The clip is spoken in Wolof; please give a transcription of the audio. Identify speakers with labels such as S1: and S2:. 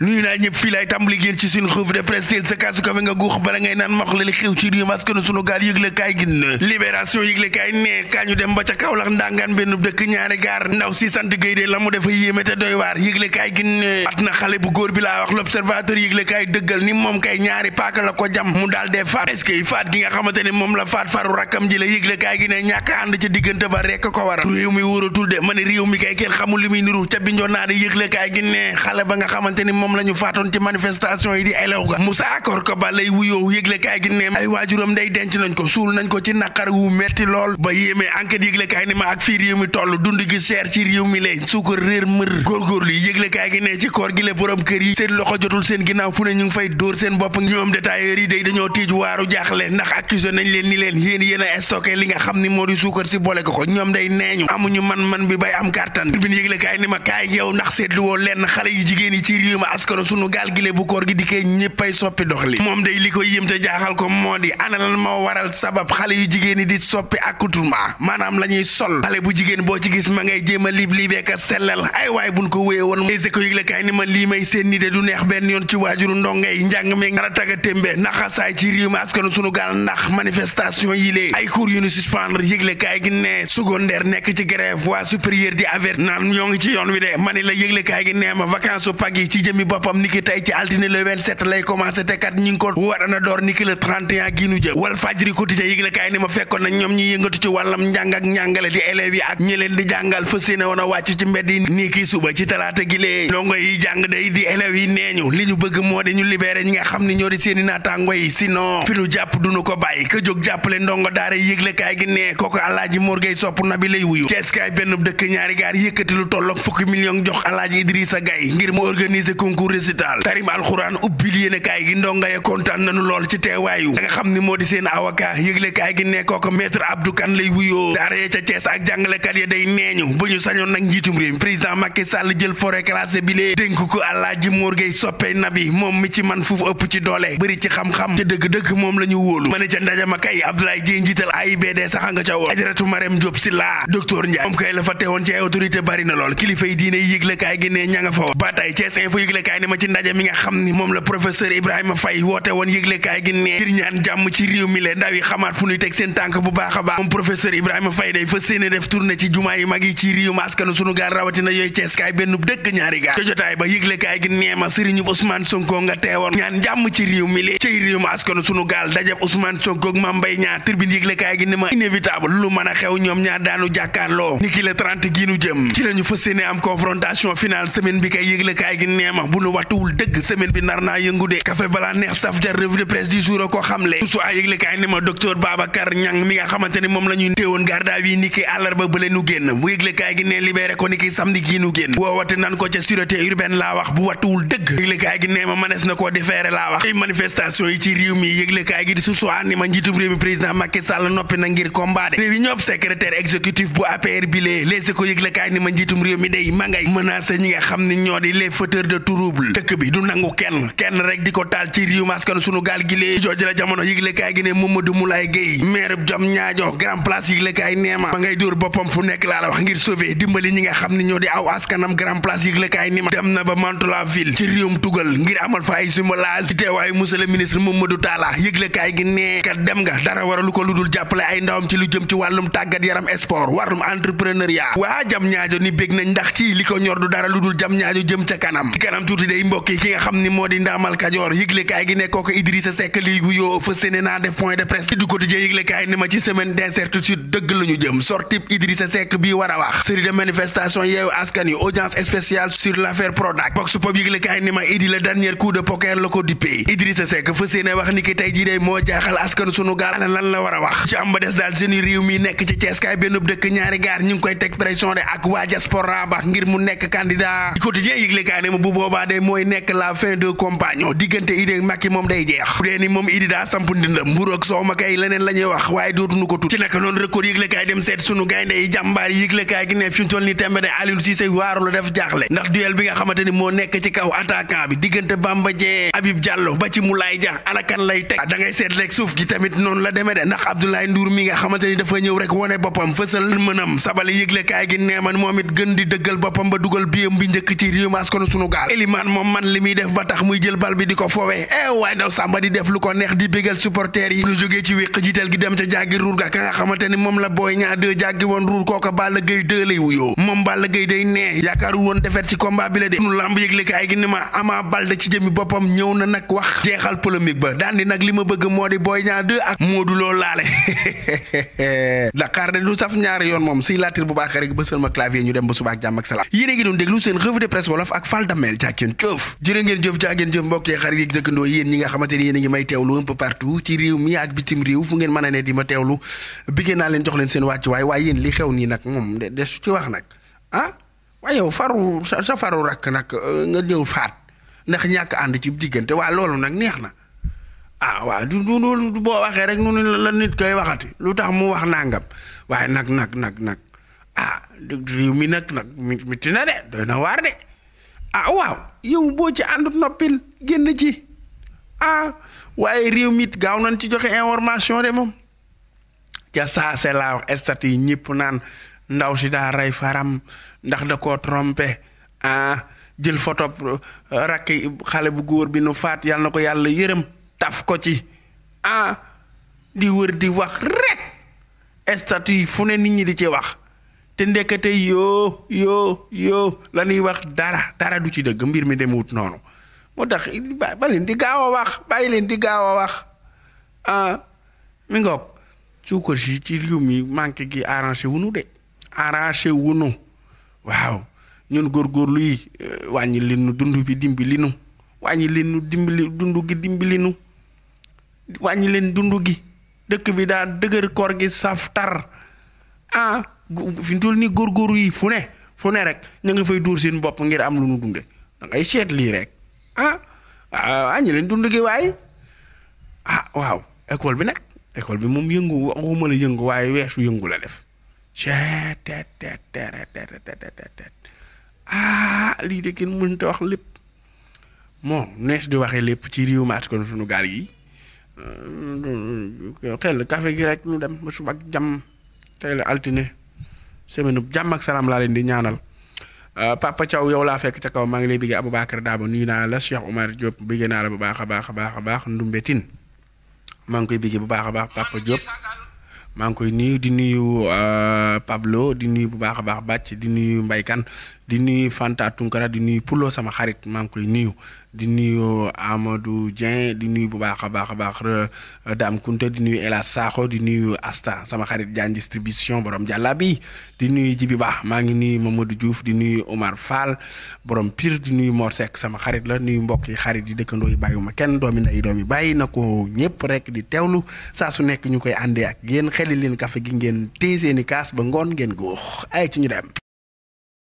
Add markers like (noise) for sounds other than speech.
S1: nuyu naa ñëpp fii laay tàmbali génn ci suñu revue de presse teel sa kaasu kafe nga guux bala ngay naan max xew ci réew mi askan sunu gaal yëgle kaay gi na yëgle kaay ne kaa xale bu góor bi laa wax l'observateur yëgle kaay dëggal ni moom kay ñaari paaka la ko jam mu daal dee faat est-ce faat gi nga xamante moom la faat faru rakkam ji la yëgle kaay gi ñàkk ànd ca diggante ba rekk ko waral réew mi wóoratul de ma ne mi kay kenn xamul moom la ñu faatoon ci manifestation yi di elew ga Moussa Korkaba lay wuyoo yëglekaay gi ne ay waajuram day denc nañ ko suul nañ ko ci naqar wu metti lool ba yéemee enquête yëglekaay ni ma ak fii réew toll dund gi mi lay suukar réer mër góorgóorlu yi yëglekaay gi ne ci koor gi le borom kër yi seen loxo jotul seen ginnaaw fu ne ñu fay dóor seen bopp ñoom détailleurs yi day dañoo tiij waaru jaaxle ndax accusé nañ leen ni leen yéen yéen a stocké li nga xam ni moo di suukar si boole ko ko ñoom day neeñu amuñu man-man bi bay am kàttan bi yëglekaay ni ma askanu sunu gaal gile bu koor gi dikkee ñëppay soppi dox li moom day li ko yëm te jaaxal ko moo di ana lan moo waral sabab xale yu jigéen yi di soppi accoutrement maanaam la ñuy sol xale bu jigéen boo ci gis ma ngay jéem a liib liibeeka sellal ay waay buñ ko wéye woon les éco yëgle kaay ni ma lii may seen ni de du neex benn yoon ci waajuru ndongay njàng meeg nar a taga témbe naxasaay ci réew mi askanu sunu gaal ndax manifestation yi lée ay cours yu ñu suspendre yëgle kaay gi ne secondaire nekk ci grève voie supérieure di aver naan ñoo ngi la yëgle bi boppam niki tey ci altine lay commencé ko war na door niki le 31 gii nu jëm wal fajri quotidien yëglekaay ni ma fekkoon na ñoom ñi yëngatu ci wàllam njàng ak njàngale di élèves yi ak ñi jàngal fas yéene woon a ci mbedd yi nii kii suba ci talaata gi lee ndongo yi jàng day di élèves yi nee ñu li ñu bëgg moo di ñu libéré ñi nga xam ne ñoo di seeni naataango yi sinon fi nu jàpp duñu ko bàyyi ka jóg jàppale ndongo daara yëglekaay gi nee kooku alaaji morgay sopp na bi lay wuyu ceeskaay benn dëkk ñaari concours récital tarim alxuraan ubbil yéene kaay gi ndonga ya kontaan nanu lool ci teewaayu da nga xam ni moo di seen avocat yëgle kaay gi nekkoo ko maître Abdou Kane lay wuyoo daara ya ca Thiès ak jàngalekat ya day neeñu bu ñu sañoon nag njiitum réew président Macky Sall jël forêt classée bi dénk ko Alaaji Mor Gueye soppe nabi moom mi ci man fuufu ëpp ci doole bëri ci xam-xam ci dëgg-dëgg moom la ñu wóolu ma ne ca ndajama kay Abdoulaye Dieng njiital AIBD sax nga ca woon ajaratu Marème Diop si laa docteur Ndiaye moom kay la fa ay autorité bari na nga fa woon yëglekaay ne ma ci ndaje mi nga xam ni moom la professeur Ibrahima Faye woote woon yëglekaay gi ne ngir mi la ndaw yi xamaat fu ñuy teg seen tànk bu baax a baax moom professeur Ibrahima Faye day fa séene def tournée ci jumaa yi mag yi ci réew ma askanu sunu gaal rawatina yooyu ceeskaay benn dëkk mi li ci réew sunu gaal dajab Ousmane Sonko ak Mame Mbaye Niang tribune yëglekaay gi ne ma inévitable lu a xew ñoom ñaar daanu jàkkaarloo niki le 30 gi nu jëm ci lañu fa séene am confrontation finale semaine bi kay yëglekaay gi nee ma bu nu wattuwul dëgg semaine bi nar naa café balaa neex saf jar revue de presse du jour ko xamle su ay yëglekaay ni ma njiitum réew mi président Macky Sall noppi na ngir combat de réunion secrétaire exécutif bu APR bi lee léese ko yëglekaay ni ma njiitum réew mi day ma ngay menacé ñi nga xam ne ñoo di les fauteurs de tour trouble dëkk bi du nangu kenn kenn rek di ko taal ci riiw maskan sunu gaal gi lee jooju la jamono yëglekaay gi ne Mamadou Moulay ma ngay dóor boppam fu nekk laa la wax ngir sauver dimbali ñi nga xam ne ñoo di aw askanam grand place yëglekaay ni ma dem na ba ville ci riiwum tugal ngir amal fa ay simbalage ci teewaayu monsieur le ministre Mamadou Talla yëglekaay gi nee kat dem nga dara waralu ko lu dul jàppale ay ndawam ci lu jëm ci wàllum tàggat yaram sport wàllum entrepreneuriat tuuti day ki nga xam ni moo di ndaamal kajoor yëglekaay gi ne kooku Idrissa Seck li wuyoo fa naa def point de presse du quotidien yëglekaay a wax yëglekaay ni ma a wax nekk ci Cees kaay benn dëkk ñaari gaar ñu ngi koy teg pression de ak waa diaspora ba ngir mu nekk candidat du quotidien yëglekaay ne ma bu boobu boobaa de mooy nekk la fin de compagnon diggante Idi ak moom day jeex bu dee ni moom Idi daa samp ndindam mburu ak soow ma kay leneen la ñuy wax waaye dootuñu ko tut ci nekk noonu record yëglekaay dem seet sunu gaynde yi jàmbaar yëglekaay gi ne fi ñu toll ni def jaaxle ndax duel bi nga xamante ni moo nekk ci kaw attaquant bi diggante Bamba Dieng Habib Diallo ba ci Moulay Dia ana kan lay teg da ngay seet rek suuf gi tamit noonu la demee de ndax Abdoulaye Ndour mi nga xamante ni dafa ñëw rek wone boppam fësal mënam sabale yëglekaay gi neeman moom it di dëggal boppam ba dugal biyam bi njëkk ci réew maas kon Iliman moom man li muy def ba tax muy jël bal bi di ko foowee eh waaye daw Samba di def lu ko neex di bégal supporters yi lu jógee ci wéq jiital gi dem ca jàggi ruur ga ka nga xamante ni moom la booy ñaa deux jàggi woon ruur kooka Balla Gaye 2 lay wuyoo moom la Gaye day nee yaakaaru woon defet ci combat bi la de nu lamb yëgle kaay gi ni ma Ama Baldé ci jëmi boppam ñëw na nag wax jeexal polémique ba daan di nag li ma bëgg moo di booy ñaa deux ak Modou Lo laale (laughs) Dakar de du saf ñaari yoon moom si laatir bu baax rek bësal ma clavier ak jàmm ak a kenn jëf jërë ngeen jëf jàkkeen jëf mbokk yi xarit yi dëkkandoo yéen ñi nga xamante ni yéen a ngi may teewlu un peu partout ci réew mi ak bitim réew fu ngeen mën a ne di ma teewlu biggee naa leen jox leen seen wàcc waaye waaye yéen li xew nii nag moom des su ci wax nag ah waaye yow sa sa faru rakk nag euh, nga ñëw faat ndax ñàkk ànd ci diggante waa loolu nag neex na ah waaw du du du boo waxee rek nu la nit koy waxati lu tax mu wax nangam waaye nag nag nag nag ah, nag nag mi ti na de doy na waar de ah waaw yow boo ci ànd noppil génn ci ah waaye réew mit gaaw nañ ci joxe information de moom ca saase laa wax stat yi ñipp naan ndaw si daa rey faram ndax da ko trompé ah jël photo eh, rakk xale bu góor bi nu faat yàlla na ko yàlla yërëm taf ko ci ah di wër di wax rek stat yi fu ne nit ñi di ci wax te ndekete yoo yoo yoo la ñuy wax dara dara du ci dëgg mbir mi wut noonu moo tax ba leen di gaaw a wax bàyyi leen di gaaw a wax ah mi si ci réew mi manqué gi arrangé wunu de wu nu waaw ñun góorgóorlu yi eh, wàññi leen nu dund bi dimbali nu wàññi leen nu dimbali dund gi dimbali nu wàññi leen dund gi dëkk bi daa dëgër kor gi saf tar ah fi ñu toll nii góorgóorlu yi fu ne fu ne rek ña nga fay dóor seen bopp ngir am lu nu dunde da seet lii rek ah ah ñu leen dund ah waaw école bi nag école bi moom yëngu waxuma la yëngu waaye weesu yëngu la def seet teet teet teet ah lii de kenn mënta wax lépp moo nees di waxee lépp ci réew maat kon sunu gaal yi euh, xel kafe gi rek ñu dem ba suba ak altine semaine bu jàmm ak salaam laa leen di ñaanal euh, Papa Thiaw yow laa fekk ca kaw maa ngi lay bëggee Aboubacar Dabo nuyu naa la Cheikh Omar Diop bëggee naa la bu baax a baax a baax a baax Ndumbe Tine maa ngi koy bëggee bu baax a baax Papa Diop maa ngi koy nuyu di nuyu euh, Pablo di nuyu bu baax a baax Bàcc di nuyu Mbaykan di nuyu Fanta Tunkara di nuyu Pulo sama xarit maa ngi koy nuyu di nuyu Amadou Dieng di nuyu bu baax a baax a baax euh, Dame Kunta di nuy El Hadj Sakho di nuyu Asta sama xarit Diagne distribution borom jàlla bi di nuyu Jibi Ba maa ngi nuyu Mamadou Diouf di nuyu Omar Fall borom Pire di nuyu Mor Seck sama xarit la nuyu mbokk yi xarit yi dëkkandoo yi ma kenn doomi nday doomi bàyyi na ko ñëpp rek di teewlu saa su nekk ñu koy àndee ak yéen xeli leen kafe gi ngeen téye seeni kaas ba ngoon ngeen góox ay ci ñu dem.